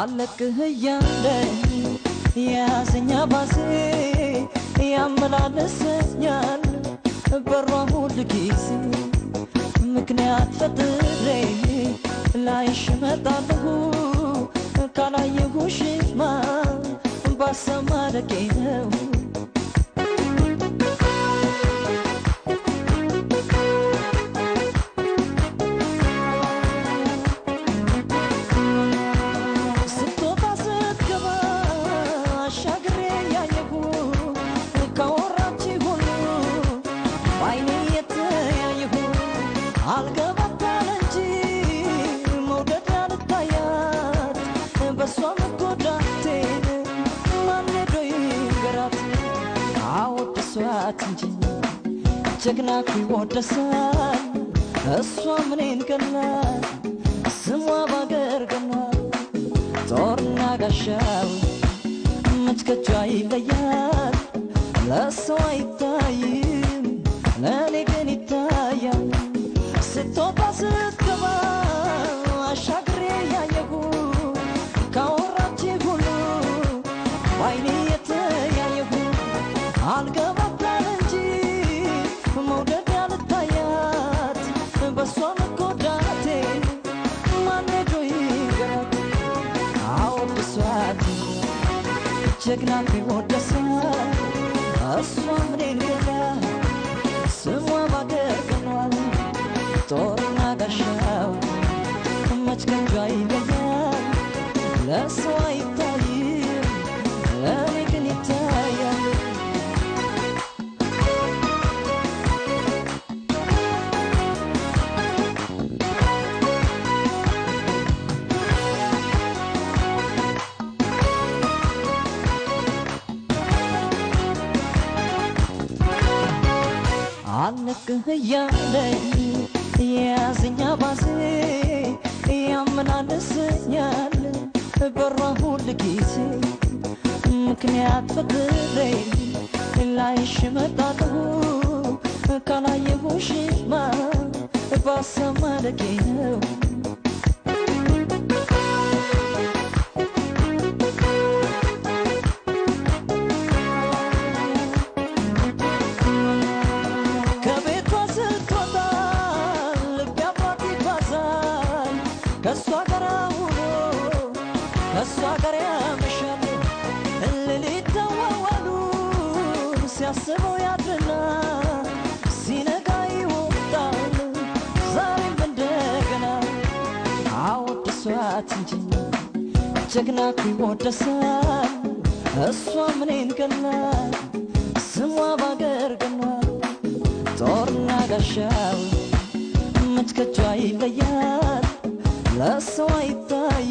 አለቅህ እያለኝ የያዘኛ ባሴ ያመላለሰኛል በሯ ሁል ጊዜ ምክንያት ፈጥሬ ላይሽ እመጣለሁ ካላየሁሽማ ባሰማረቄ አላት እንጂ ጀግናኩ ይወደሳል እሷ ምኔን ገና ስሟ ባገር ገና ጦርና ጋሻው ምትከጇ ይለያል ለሰው አይታይም ለእኔ ግን ይታያል ስትወጣ ስትገባ አሻግሬ ያየሁ ካወራች ሁሉ ባይኔ የተያየሁ አልገባ ጀግና ወደሰ ከእሷ ምሬ አልነቅህ እያለኝ የያዘኝ አባዜ ያመናንሰኛል በሯ ሁል ጊዜ ምክንያት ፈቅሬ ላይሽ መጣሁ ካላየሁሽማ ባሰማረቄ ነው እሷ ጋር ያመሻል እልል ይደዋወሉ ሲያስበው ያድርና ሲነጋ ይወጣል ዛሬም እንደገና አወድሷት እንጂ ጀግና ይወደሳል እሷ ምኔን ገና ስሟ ባገር ገና ጦርና ጋሻው ምትከጇ ይለያል ለእሷ ይታይ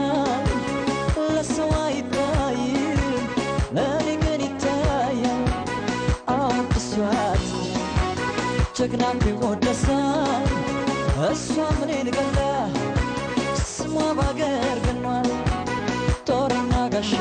ጀግና እንዲወደሳ እሷ ምኔን ገላ ስሟ ባገር ገኗል ጦርና ጋሻ